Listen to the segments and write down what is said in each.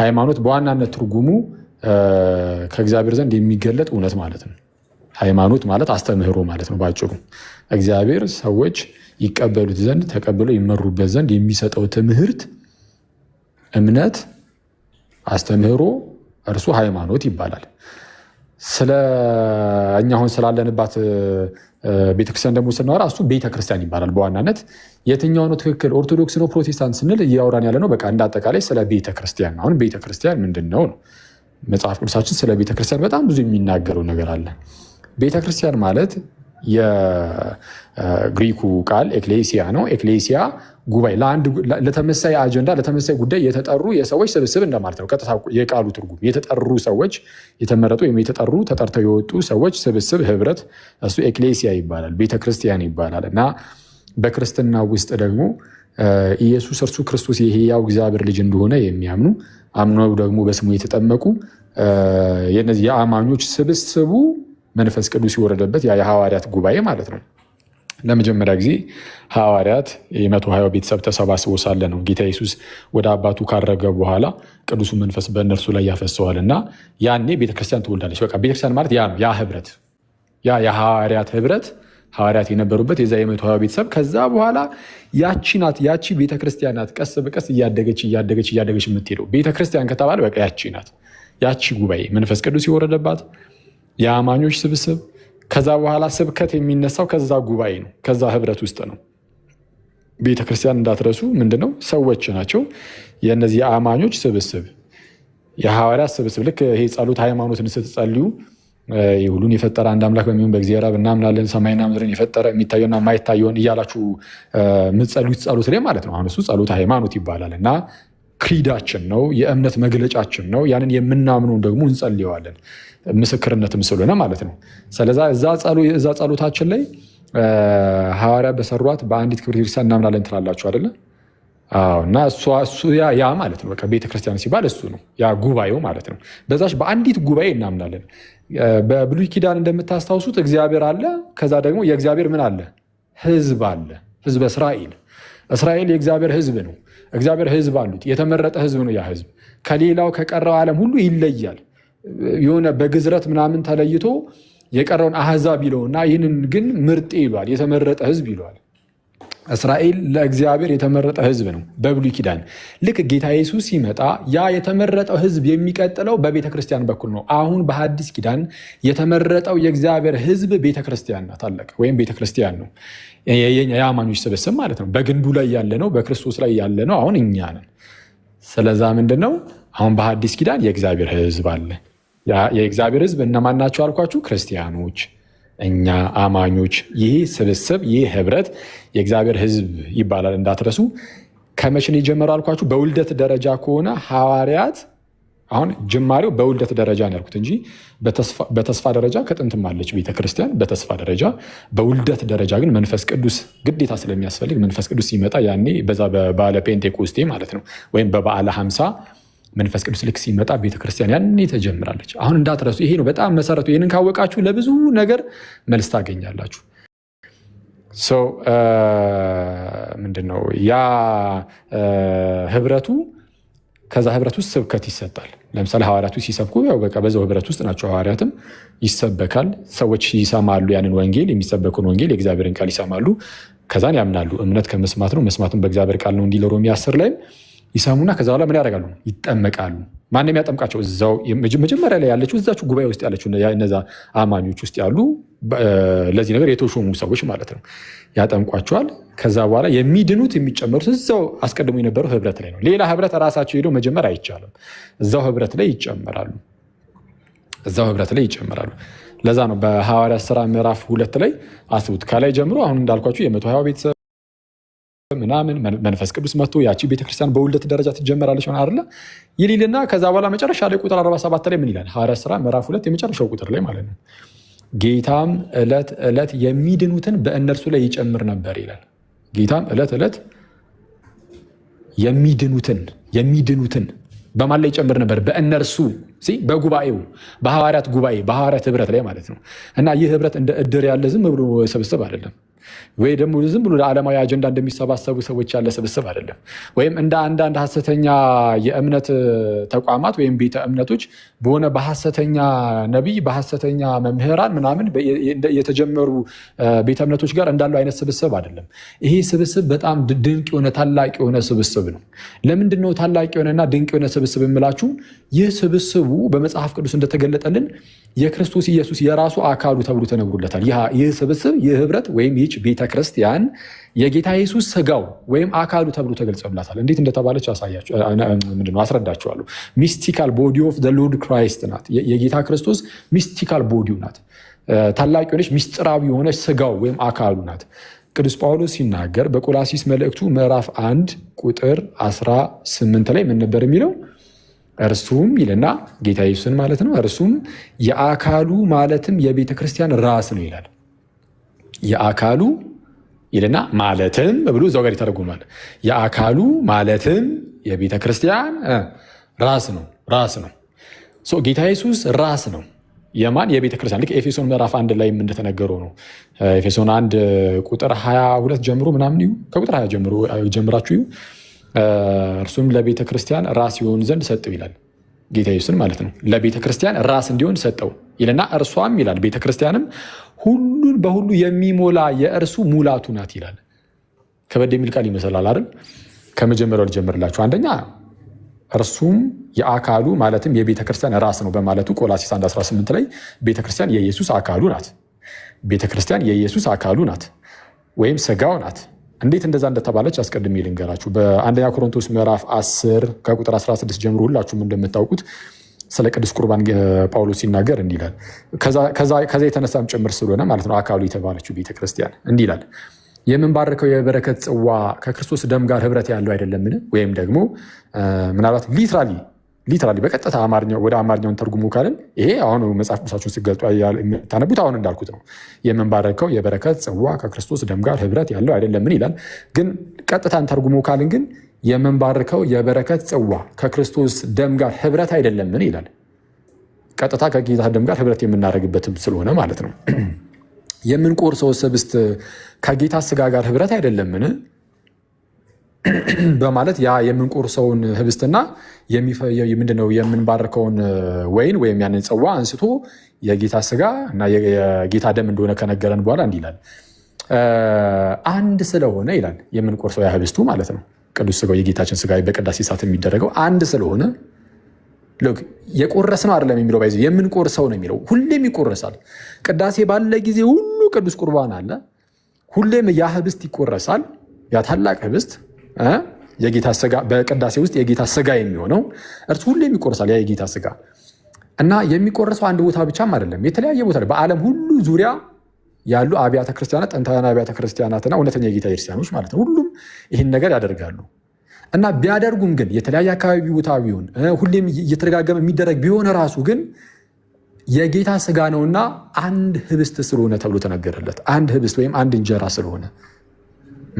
ሃይማኖት በዋናነት ትርጉሙ ከእግዚአብሔር ዘንድ የሚገለጥ እውነት ማለት ነው። ሃይማኖት ማለት አስተምህሮ ማለት ነው። ባጭሩ እግዚአብሔር ሰዎች ይቀበሉት ዘንድ ተቀብለው ይመሩበት ዘንድ የሚሰጠው ትምህርት፣ እምነት፣ አስተምህሮ እርሱ ሃይማኖት ይባላል። ስለ እኛ አሁን ስላለንባት ቤተክርስቲያን ደግሞ ስናወራ እሱ ቤተክርስቲያን ይባላል። በዋናነት የትኛው ነው ትክክል ኦርቶዶክስ ነው ፕሮቴስታንት ስንል እያወራን ያለ ነው በቃ እንደ አጠቃላይ ስለ ቤተክርስቲያን ነው። አሁን ቤተክርስቲያን ምንድን ነው ነው መጽሐፍ ቅዱሳችን ስለ ቤተክርስቲያን በጣም ብዙ የሚናገረው ነገር አለ። ቤተክርስቲያን ማለት የግሪኩ ቃል ኤክሌሲያ ነው። ኤክሌሲያ ጉባኤ፣ ለአንድ ለተመሳይ አጀንዳ፣ ለተመሳይ ጉዳይ የተጠሩ የሰዎች ስብስብ እንደማለት ነው። ቀጥታ የቃሉ ትርጉም የተጠሩ ሰዎች፣ የተመረጡ ወይም የተጠሩ ተጠርተው የወጡ ሰዎች ስብስብ፣ ህብረት፣ እሱ ኤክሌሲያ ይባላል፣ ቤተክርስቲያን ይባላል። እና በክርስትና ውስጥ ደግሞ ኢየሱስ እርሱ ክርስቶስ የህያው እግዚአብሔር ልጅ እንደሆነ የሚያምኑ አምነው ደግሞ በስሙ የተጠመቁ የእነዚህ የአማኞች ስብስቡ መንፈስ ቅዱስ የወረደበት የሐዋርያት ጉባኤ ማለት ነው። ለመጀመሪያ ጊዜ ሐዋርያት የመቶ ሀያው ቤተሰብ ተሰባስቦ ሳለ ነው ጌታ ኢየሱስ ወደ አባቱ ካረገ በኋላ ቅዱሱ መንፈስ በእነርሱ ላይ ያፈሰዋል እና ያኔ ቤተክርስቲያን ትወልዳለች። በቃ ቤተክርስቲያን ማለት ያ ነው። ያ ህብረት ያ የሐዋርያት ህብረት ሐዋርያት የነበሩበት የዛ የመቶ ሀያው ቤተሰብ ከዛ በኋላ ያቺ ናት። ያቺ ቤተክርስቲያን ናት። ቀስ በቀስ እያደገች እያደገች እያደገች የምትሄደው ቤተክርስቲያን ከተባለ በቃ ያቺ ናት። ያቺ ጉባኤ መንፈስ ቅዱስ የወረደባት የአማኞች ስብስብ ከዛ በኋላ ስብከት የሚነሳው ከዛ ጉባኤ ነው፣ ከዛ ህብረት ውስጥ ነው። ቤተክርስቲያን እንዳትረሱ ምንድነው? ሰዎች ናቸው። የእነዚህ የአማኞች ስብስብ፣ የሐዋርያት ስብስብ ልክ ይሄ ጸሎት ሃይማኖትን ስትጸልዩ ሁሉን የፈጠረ አንድ አምላክ በሚሆን በእግዚአብሔር አብ እናምናለን፣ ሰማይና ምድርን የፈጠረ የሚታየውና የማይታየውን እያላችሁ የምትጸሉት ጸሎት ላይ ማለት ነው። አሁን እሱ ጸሎት ሃይማኖት ይባላል እና ክሪዳችን ነው፣ የእምነት መግለጫችን ነው። ያንን የምናምኑን ደግሞ እንጸልየዋለን ምስክርነትም ስለሆነ ማለት ነው። ስለዛ እዛ ጸሎታችን ላይ ሐዋርያ በሰሯት በአንዲት ክብር ክርስቲያን እናምናለን ትላላችሁ አይደለ? እና ያ ማለት ነው ቤተ ክርስቲያን ሲባል እሱ ነው፣ ያ ጉባኤው ማለት ነው። በዛች በአንዲት ጉባኤ እናምናለን። በብሉይ ኪዳን እንደምታስታውሱት እግዚአብሔር አለ። ከዛ ደግሞ የእግዚአብሔር ምን አለ? ህዝብ አለ፣ ህዝበ እስራኤል እስራኤል የእግዚአብሔር ህዝብ ነው። እግዚአብሔር ህዝብ አሉት። የተመረጠ ህዝብ ነው። ያ ህዝብ ከሌላው ከቀረው ዓለም ሁሉ ይለያል። የሆነ በግዝረት ምናምን ተለይቶ የቀረውን አህዛብ ይለውና ይህንን ግን ምርጤ ይሏል፣ የተመረጠ ህዝብ ይለዋል። እስራኤል ለእግዚአብሔር የተመረጠ ህዝብ ነው በብሉይ ኪዳን። ልክ ጌታ ኢየሱስ ሲመጣ ያ የተመረጠው ህዝብ የሚቀጥለው በቤተ ክርስቲያን በኩል ነው። አሁን በሐዲስ ኪዳን የተመረጠው የእግዚአብሔር ህዝብ ቤተ ክርስቲያን ናት፣ አለቀ። ወይም ቤተ ክርስቲያን ነው፣ የአማኞች ስብስብ ማለት ነው። በግንዱ ላይ ያለ ነው፣ በክርስቶስ ላይ ያለ ነው። አሁን እኛ ነን። ስለዛ ምንድን ነው አሁን በሐዲስ ኪዳን የእግዚአብሔር ህዝብ አለ። የእግዚአብሔር ህዝብ እነማን ናቸው አልኳችሁ? ክርስቲያኖች እኛ አማኞች ይህ ስብስብ ይህ ህብረት የእግዚአብሔር ህዝብ ይባላል እንዳትረሱ። ከመቼ ነው የጀመረው አልኳችሁ? በውልደት ደረጃ ከሆነ ሐዋርያት አሁን ጅማሬው በውልደት ደረጃ ነው ያልኩት እንጂ በተስፋ ደረጃ ከጥንትም አለች ቤተክርስቲያን። በተስፋ ደረጃ በውልደት ደረጃ ግን መንፈስ ቅዱስ ግዴታ ስለሚያስፈልግ መንፈስ ቅዱስ ሲመጣ ያኔ በዛ በበዓለ ጴንጤቆስቴ ማለት ነው ወይም በበዓለ ሀምሳ መንፈስ ቅዱስ ልክ ሲመጣ ቤተክርስቲያን ያኔ ተጀምራለች። አሁን እንዳትረሱ፣ ይሄ ነው በጣም መሰረቱ። ይህንን ካወቃችሁ ለብዙ ነገር መልስ ታገኛላችሁ። ምንድነው ያ ህብረቱ? ከዛ ህብረት ውስጥ ስብከት ይሰጣል። ለምሳሌ ሐዋርያቱ ሲሰብኩ ያው በቃ በዛው ህብረት ውስጥ ናቸው። ሐዋርያትም ይሰበካል። ሰዎች ይሰማሉ፣ ያንን ወንጌል የሚሰበኩን ወንጌል የእግዚአብሔርን ቃል ይሰማሉ፣ ከዛን ያምናሉ። እምነት ከመስማት ነው፣ መስማትም በእግዚአብሔር ቃል ነው እንዲል ሮሜ አስር ላይም ይሰሙና ከዛ በኋላ ምን ያደርጋሉ? ይጠመቃሉ። ማንም ያጠምቃቸው እዛው መጀመሪያ ላይ ያለችው እዛች ጉባኤ ውስጥ ያለችው እነዛ አማኞች ውስጥ ያሉ ለዚህ ነገር የተሾሙ ሰዎች ማለት ነው። ያጠምቋቸዋል። ከዛ በኋላ የሚድኑት የሚጨመሩት እዛው አስቀድሞ የነበረው ህብረት ላይ ነው። ሌላ ህብረት ራሳቸው ሄደው መጀመር አይቻልም። እዛው ህብረት ላይ ይጨመራሉ። እዛው ህብረት ላይ ይጨመራሉ። ለዛ ነው በሐዋርያ ስራ ምዕራፍ ሁለት ላይ አስቡት። ከላይ ጀምሮ አሁን እንዳልኳቸው የመቶ ሀያ ቤተሰብ ምናምን መንፈስ ቅዱስ መጥቶ ያቺ ቤተክርስቲያን በውልደት ደረጃ ትጀመራለች ሆነ አለ ይልና ከዛ በኋላ መጨረሻ ላይ ቁጥር 47 ላይ ምን ይላል? ሐዋርያት ሥራ ምዕራፍ ሁለት የመጨረሻው ቁጥር ላይ ማለት ነው። ጌታም ዕለት ዕለት የሚድኑትን በእነርሱ ላይ ይጨምር ነበር ይላል። ጌታም ዕለት ዕለት የሚድኑትን የሚድኑትን በማን ላይ ይጨምር ነበር? በእነርሱ በጉባኤው በሐዋርያት ጉባኤ በሐዋርያት ህብረት ላይ ማለት ነው። እና ይህ ህብረት እንደ እድር ያለ ዝም ብሎ ስብስብ አይደለም። ወይ ደግሞ ዝም ብሎ ለዓለማዊ አጀንዳ እንደሚሰባሰቡ ሰዎች ያለ ስብስብ አይደለም። ወይም እንደ አንዳንድ ሀሰተኛ የእምነት ተቋማት ወይም ቤተ እምነቶች በሆነ በሀሰተኛ ነቢይ በሀሰተኛ መምህራን ምናምን የተጀመሩ ቤተ እምነቶች ጋር እንዳለው አይነት ስብስብ አይደለም። ይሄ ስብስብ በጣም ድንቅ የሆነ ታላቅ የሆነ ስብስብ ነው። ለምንድን ነው ታላቅ የሆነና ድንቅ የሆነ ስብስብ የምላችሁ? ይህ ስብስቡ በመጽሐፍ ቅዱስ እንደተገለጠልን የክርስቶስ ኢየሱስ የራሱ አካሉ ተብሎ ተነግሮለታል። ይህ ስብስብ ይህ ህብረት ወይም ይህ ቤተ ክርስቲያን የጌታ ኢየሱስ ስጋው ወይም አካሉ ተብሎ ተገልጸላታል። እንዴት እንደተባለች ምንድነው አስረዳችኋለሁ። ሚስቲካል ቦዲ ኦፍ ዘ ሎርድ ክራይስት ናት። የጌታ ክርስቶስ ሚስቲካል ቦዲው ናት። ታላቅ የሆነች ሚስጥራዊ የሆነች ስጋው ወይም አካሉ ናት። ቅዱስ ጳውሎስ ሲናገር በቆላሲስ መልእክቱ ምዕራፍ 1 ቁጥር 18 ላይ ምን ነበር የሚለው? እርሱም ይልና ጌታ ኢየሱስን ማለት ነው። እርሱም የአካሉ ማለትም የቤተ ክርስቲያን ራስ ነው ይላል። የአካሉ ይልና ማለትም ብሎ እዛው ጋር ይተረጉማል። የአካሉ ማለትም የቤተ ክርስቲያን ራስ ነው። ራስ ነው። ጌታ ኢየሱስ ራስ ነው። የማን የቤተ ክርስቲያን ልክ ኤፌሶን ምዕራፍ አንድ ላይ እንደተነገረው ነው። ኤፌሶን አንድ ቁጥር 22 ጀምሮ ምናምን ይሁ ከቁጥር 20 ጀምራችሁ ይሁ እርሱም ለቤተ ክርስቲያን ራስ ይሆን ዘንድ ሰጠው ይላል። ጌታ ኢየሱስን ማለት ነው። ለቤተ ክርስቲያን ራስ እንዲሆን ሰጠው ይልና እርሷም ይላል ቤተ ክርስቲያንም ሁሉን በሁሉ የሚሞላ የእርሱ ሙላቱ ናት ይላል። ከበድ የሚል ቃል ይመስላል አይደል? ከመጀመሪያው ልጀምርላችሁ። አንደኛ እርሱም የአካሉ ማለትም የቤተክርስቲያን ራስ ነው በማለቱ ቆላሲስ 1:18 ላይ ቤተክርስቲያን የኢየሱስ አካሉ ናት፣ ቤተክርስቲያን የኢየሱስ አካሉ ናት ወይም ስጋው ናት። እንዴት እንደዛ እንደተባለች አስቀድሜ ልንገራችሁ። በአንደኛ ቆሮንቶስ ምዕራፍ 10 ከቁጥር 16 ጀምሮ ሁላችሁም እንደምታውቁት ስለ ቅዱስ ቁርባን ጳውሎስ ሲናገር እንዲላል ከዛ የተነሳም ጭምር ስለሆነ ማለት ነው አካሉ የተባለችው ቤተክርስቲያን እንዲላል የምንባረከው የምንባርከው የበረከት ጽዋ ከክርስቶስ ደም ጋር ህብረት ያለው አይደለምን? ወይም ደግሞ ምናልባት ሊትራሊ ሊትራሊ በቀጥታ ወደ አማርኛውን ተርጉሙ ካልን ይሄ አሁን መጽሐፍ ቅዱሳችሁን ስገልጡ የምታነቡት አሁን እንዳልኩት ነው። የምንባረከው የበረከት ጽዋ ከክርስቶስ ደም ጋር ህብረት ያለው አይደለምን ይላል። ግን ቀጥታን ተርጉሙ ካልን ግን የምንባርከው የበረከት ጽዋ ከክርስቶስ ደም ጋር ህብረት አይደለምን ይላል። ቀጥታ ከጌታ ደም ጋር ህብረት የምናደርግበትም ስለሆነ ማለት ነው። የምንቆርሰው ህብስት ከጌታ ስጋ ጋር ህብረት አይደለምን በማለት ያ የምንቆርሰውን ህብስትና ምንድነው የምንባርከውን ወይን ወይም ያንን ጽዋ አንስቶ የጌታ ስጋ እና የጌታ ደም እንደሆነ ከነገረን በኋላ እንዲህ ይላል፣ አንድ ስለሆነ ይላል የምንቆርሰው ያ ህብስቱ ማለት ነው። ቅዱስ ስጋው የጌታችን ስጋ በቅዳሴ ሰዓት የሚደረገው አንድ ስለሆነ የቆረስ ነው አይደለም የሚለው ባይዘ የምንቆርሰው ነው የሚለው ሁሌም ይቆረሳል። ቅዳሴ ባለ ጊዜ ሁሉ ቅዱስ ቁርባን አለ። ሁሌም ያ ህብስት ይቆረሳል። ያ ታላቅ ህብስት የጌታ ስጋ በቅዳሴ ውስጥ የጌታ ስጋ የሚሆነው እርሱ ሁሌም ይቆረሳል። ያ የጌታ ስጋ እና የሚቆረሰው አንድ ቦታ ብቻም አይደለም፣ የተለያየ ቦታ በዓለም ሁሉ ዙሪያ ያሉ አብያተ ክርስቲያናት ጥንታውያን አብያተ ክርስቲያናትና እውነተኛ የጌታ ክርስቲያኖች ማለት ነው። ሁሉም ይህን ነገር ያደርጋሉ እና ቢያደርጉም ግን የተለያየ አካባቢ ቦታ ቢሆን ሁሌም እየተደጋገመ የሚደረግ ቢሆን ራሱ ግን የጌታ ስጋ ነውና አንድ ህብስት ስለሆነ ተብሎ ተነገረለት። አንድ ህብስት ወይም አንድ እንጀራ ስለሆነ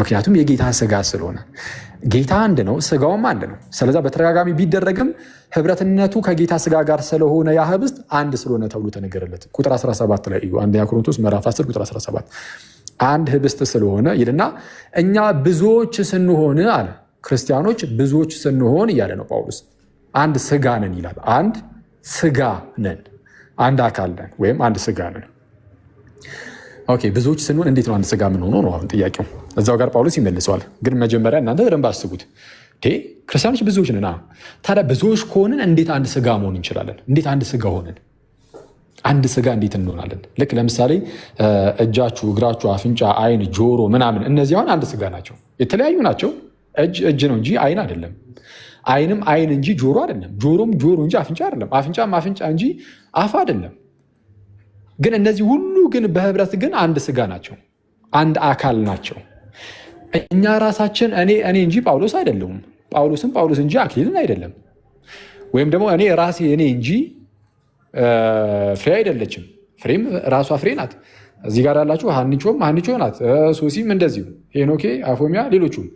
ምክንያቱም የጌታ ስጋ ስለሆነ ጌታ አንድ ነው፣ ስጋውም አንድ ነው። ስለዛ በተደጋጋሚ ቢደረግም ህብረትነቱ ከጌታ ስጋ ጋር ስለሆነ ያ ህብስት አንድ ስለሆነ ተብሎ ተነገረለት። ቁጥር 17 ላይ እዩ። አንደኛ ቆሮንቶስ ምዕራፍ 10 ቁጥር 17 አንድ ህብስት ስለሆነ ይልና እኛ ብዙዎች ስንሆን አለ። ክርስቲያኖች ብዙዎች ስንሆን እያለ ነው ጳውሎስ። አንድ ስጋ ነን ይላል። አንድ ስጋ ነን፣ አንድ አካል ነን ወይም አንድ ስጋ ነን። ኦኬ ብዙዎች ስንሆን እንዴት ነው አንድ ስጋ ምን ሆኖ ነው አሁን ጥያቄው? እዛው ጋር ጳውሎስ ይመልሰዋል። ግን መጀመሪያ እናንተ በደንብ አስቡት። ክርስቲያኖች ብዙዎች ነን። ታዲያ ብዙዎች ከሆንን እንዴት አንድ ስጋ መሆን እንችላለን? እንዴት አንድ ስጋ ሆንን? አንድ ስጋ እንዴት እንሆናለን? ልክ ለምሳሌ እጃችሁ፣ እግራችሁ፣ አፍንጫ፣ አይን፣ ጆሮ ምናምን እነዚህ አሁን አንድ ስጋ ናቸው። የተለያዩ ናቸው። እጅ እጅ ነው እንጂ አይን አይደለም። አይንም አይን እንጂ ጆሮ አይደለም። ጆሮም ጆሮ እንጂ አፍንጫ አይደለም። አፍንጫም አፍንጫ እንጂ አፍ አይደለም። ግን እነዚህ ሁሉ ግን በህብረት ግን አንድ ስጋ ናቸው። አንድ አካል ናቸው። እኛ ራሳችን እኔ እኔ እንጂ ጳውሎስ አይደለሁም፣ ጳውሎስም ጳውሎስ እንጂ አክሊልን አይደለም። ወይም ደግሞ እኔ ራሴ እኔ እንጂ ፍሬ አይደለችም፣ ፍሬም ራሷ ፍሬ ናት። እዚህ ጋር ያላችሁ ሀንቾም ሀንቾ ናት፣ ሶሲም እንደዚሁ፣ ሄኖኬ፣ አፎሚያ፣ ሌሎቹም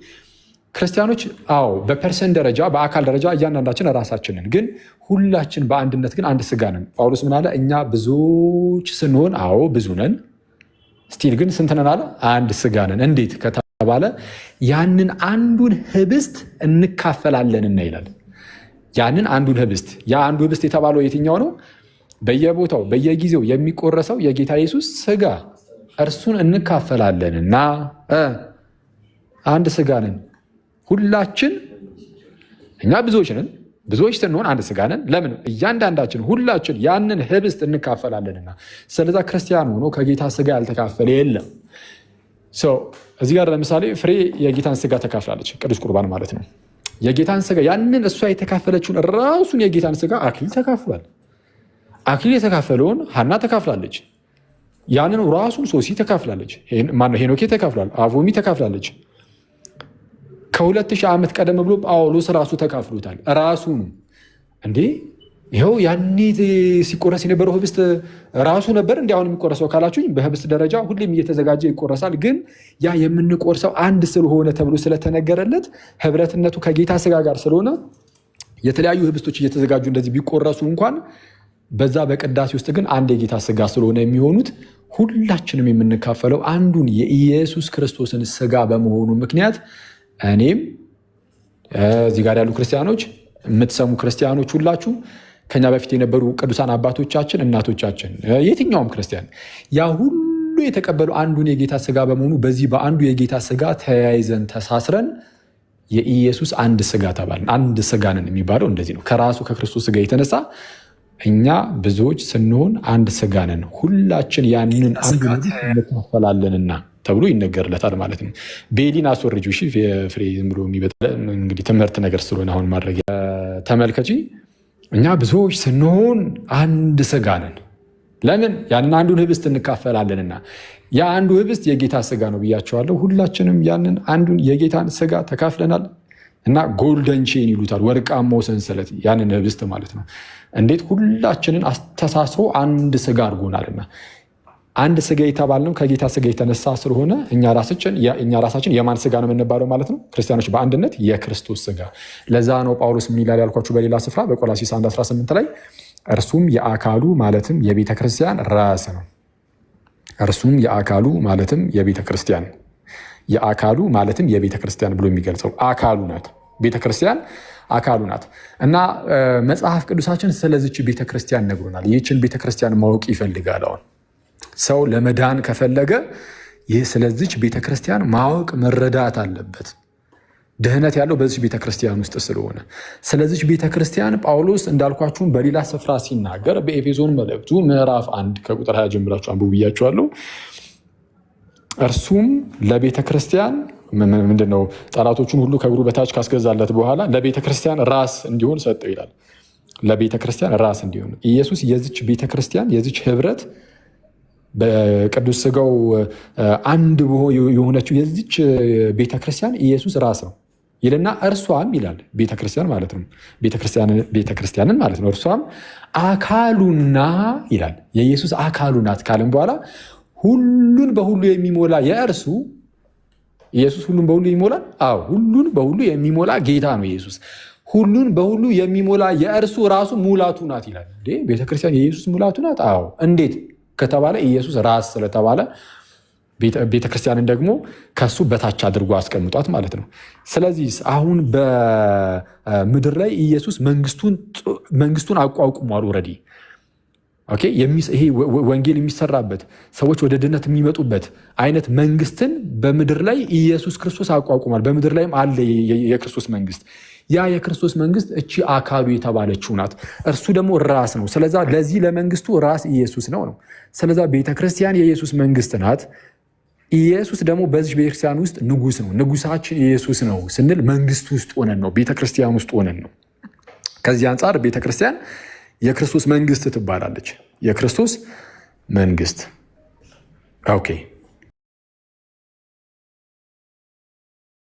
ክርስቲያኖች። አዎ በፐርሰን ደረጃ በአካል ደረጃ እያንዳንዳችን ራሳችንን፣ ግን ሁላችን በአንድነት ግን አንድ ስጋ ነን። ጳውሎስ ምን አለ? እኛ ብዙዎች ስንሆን፣ አዎ ብዙ ነን፣ ስቲል ግን ስንት ነን አለ? አንድ ስጋ ነን። እንዴት ተባለ ያንን አንዱን ህብስት እንካፈላለንና ይላል። ያንን አንዱን ህብስት ያ አንዱ ህብስት የተባለው የትኛው ነው? በየቦታው በየጊዜው የሚቆረሰው የጌታ ኢየሱስ ስጋ እርሱን እንካፈላለንና አንድ ስጋ ነን ሁላችን። እኛ ብዙዎች ነን፣ ብዙዎች ስንሆን አንድ ስጋ ነን። ለምን? እያንዳንዳችን ሁላችን ያንን ህብስት እንካፈላለንና። ስለዛ ክርስቲያን ሆኖ ከጌታ ስጋ ያልተካፈለ የለም። እዚህ ጋር ለምሳሌ ፍሬ የጌታን ስጋ ተካፍላለች፣ ቅዱስ ቁርባን ማለት ነው። የጌታን ስጋ ያንን እሷ የተካፈለችውን ራሱን የጌታን ስጋ አክሊል ተካፍሏል። አክሊል የተካፈለውን ሀና ተካፍላለች። ያንን ራሱን ሶሲ ተካፍላለች። ማነው ሄኖኬ ተካፍሏል። አቮሚ ተካፍላለች። ከሁለት ሺህ ዓመት ቀደም ብሎ ጳውሎስ ራሱ ተካፍሎታል። ራሱን እንዴ ይኸው ያኔ ሲቆረስ የነበረው ህብስት ራሱ ነበር እንዲ አሁን የሚቆረሰው ካላችሁኝ፣ በህብስት ደረጃ ሁሌም እየተዘጋጀ ይቆረሳል። ግን ያ የምንቆርሰው አንድ ስለሆነ ተብሎ ስለተነገረለት ህብረትነቱ ከጌታ ስጋ ጋር ስለሆነ የተለያዩ ህብስቶች እየተዘጋጁ እንደዚህ ቢቆረሱ እንኳን በዛ በቅዳሴ ውስጥ ግን አንድ የጌታ ስጋ ስለሆነ የሚሆኑት ሁላችንም የምንካፈለው አንዱን የኢየሱስ ክርስቶስን ስጋ በመሆኑ ምክንያት እኔም እዚህ ጋር ያሉ ክርስቲያኖች፣ የምትሰሙ ክርስቲያኖች ሁላችሁ ከኛ በፊት የነበሩ ቅዱሳን አባቶቻችን እናቶቻችን፣ የትኛውም ክርስቲያን ያ ሁሉ የተቀበሉ አንዱን የጌታ ስጋ በመሆኑ በዚህ በአንዱ የጌታ ስጋ ተያይዘን ተሳስረን የኢየሱስ አንድ ስጋ ተባልን። አንድ ስጋ ነን የሚባለው እንደዚህ ነው። ከራሱ ከክርስቶስ ስጋ የተነሳ እኛ ብዙዎች ስንሆን አንድ ስጋ ነን፣ ሁላችን ያንን አንዱ እንካፈላለንና ተብሎ ይነገርለታል ማለት ነው። ቤሊን አስወርጅ ፍሬ ዝም ብሎ እንግዲህ ትምህርት ነገር ስለሆነ አሁን ማድረግ ተመልከች እኛ ብዙዎች ስንሆን አንድ ስጋ ነን። ለምን ያንን አንዱን ህብስት እንካፈላለንና፣ የአንዱ ህብስት የጌታ ስጋ ነው ብያቸዋለሁ። ሁላችንም ያንን አንዱን የጌታን ስጋ ተካፍለናል እና ጎልደን ቼን ይሉታል፣ ወርቃማው ሰንሰለት ያንን ህብስት ማለት ነው። እንዴት ሁላችንን አስተሳስሮ አንድ ስጋ አድርጎናልና አንድ ስጋ የተባልነው ከጌታ ስጋ የተነሳ ስለሆነ እኛ ራሳችን የማን ስጋ ነው የምንባለው ማለት ነው? ክርስቲያኖች በአንድነት የክርስቶስ ስጋ። ለዛ ነው ጳውሎስ ምን ይላል ያልኳችሁ በሌላ ስፍራ በቆላሲስ 1 18 ላይ እርሱም የአካሉ ማለትም የቤተ ክርስቲያን ራስ ነው። እርሱም የአካሉ ማለትም የቤተ ክርስቲያን የአካሉ ማለትም የቤተ ክርስቲያን ብሎ የሚገልጸው አካሉ ናት ቤተ ክርስቲያን አካሉ ናት እና መጽሐፍ ቅዱሳችን ስለዚች ቤተ ክርስቲያን ነግሮናል። ይህችን ቤተ ክርስቲያን ማወቅ ይፈልጋል አሁን ሰው ለመዳን ከፈለገ ይህ ስለዚች ቤተ ክርስቲያን ማወቅ መረዳት አለበት። ድህነት ያለው በዚች ቤተ ክርስቲያን ውስጥ ስለሆነ ስለዚች ቤተ ክርስቲያን ጳውሎስ እንዳልኳችሁም በሌላ ስፍራ ሲናገር በኤፌሶን መልእክቱ ምዕራፍ አንድ ከቁጥር ሀያ ጀምራችሁ አንብቡ እርሱም ለቤተ ክርስቲያን ምንድነው ጠላቶቹን ሁሉ ከእግሩ በታች ካስገዛለት በኋላ ለቤተ ክርስቲያን ራስ እንዲሆን ሰጠው ይላል። ለቤተ ክርስቲያን ራስ እንዲሆን ኢየሱስ የዚች ቤተ ክርስቲያን የዚች ህብረት በቅዱስ ስጋው አንድ የሆነችው የዚች ቤተክርስቲያን ኢየሱስ ራስ ነው ይልና እርሷም ይላል ቤተክርስቲያን ማለት ነው ቤተክርስቲያንን ማለት ነው እርሷም አካሉና ይላል የኢየሱስ አካሉ ናት ካለም በኋላ ሁሉን በሁሉ የሚሞላ የእርሱ ኢየሱስ ሁሉን በሁሉ ይሞላል አዎ ሁሉን በሁሉ የሚሞላ ጌታ ነው ኢየሱስ ሁሉን በሁሉ የሚሞላ የእርሱ ራሱ ሙላቱ ናት ይላል ቤተክርስቲያን የኢየሱስ ሙላቱ ናት አዎ እንዴት ከተባለ ኢየሱስ ራስ ስለተባለ ቤተክርስቲያንን ደግሞ ከሱ በታች አድርጎ አስቀምጧት ማለት ነው። ስለዚህ አሁን በምድር ላይ ኢየሱስ መንግስቱን አቋቁሟል። ኦልሬዲ ይሄ ወንጌል የሚሰራበት ሰዎች ወደ ድነት የሚመጡበት አይነት መንግስትን በምድር ላይ ኢየሱስ ክርስቶስ አቋቁሟል። በምድር ላይም አለ የክርስቶስ መንግስት ያ የክርስቶስ መንግስት እቺ አካሉ የተባለችው ናት። እርሱ ደግሞ ራስ ነው። ስለዛ ለዚህ ለመንግስቱ ራስ ኢየሱስ ነው ነው። ስለዛ ቤተክርስቲያን የኢየሱስ መንግስት ናት። ኢየሱስ ደግሞ በዚህ ቤተክርስቲያን ውስጥ ንጉስ ነው። ንጉሳችን ኢየሱስ ነው ስንል መንግስት ውስጥ ሆነን ነው፣ ቤተክርስቲያን ውስጥ ሆነን ነው። ከዚህ አንጻር ቤተክርስቲያን የክርስቶስ መንግስት ትባላለች። የክርስቶስ መንግስት ኦኬ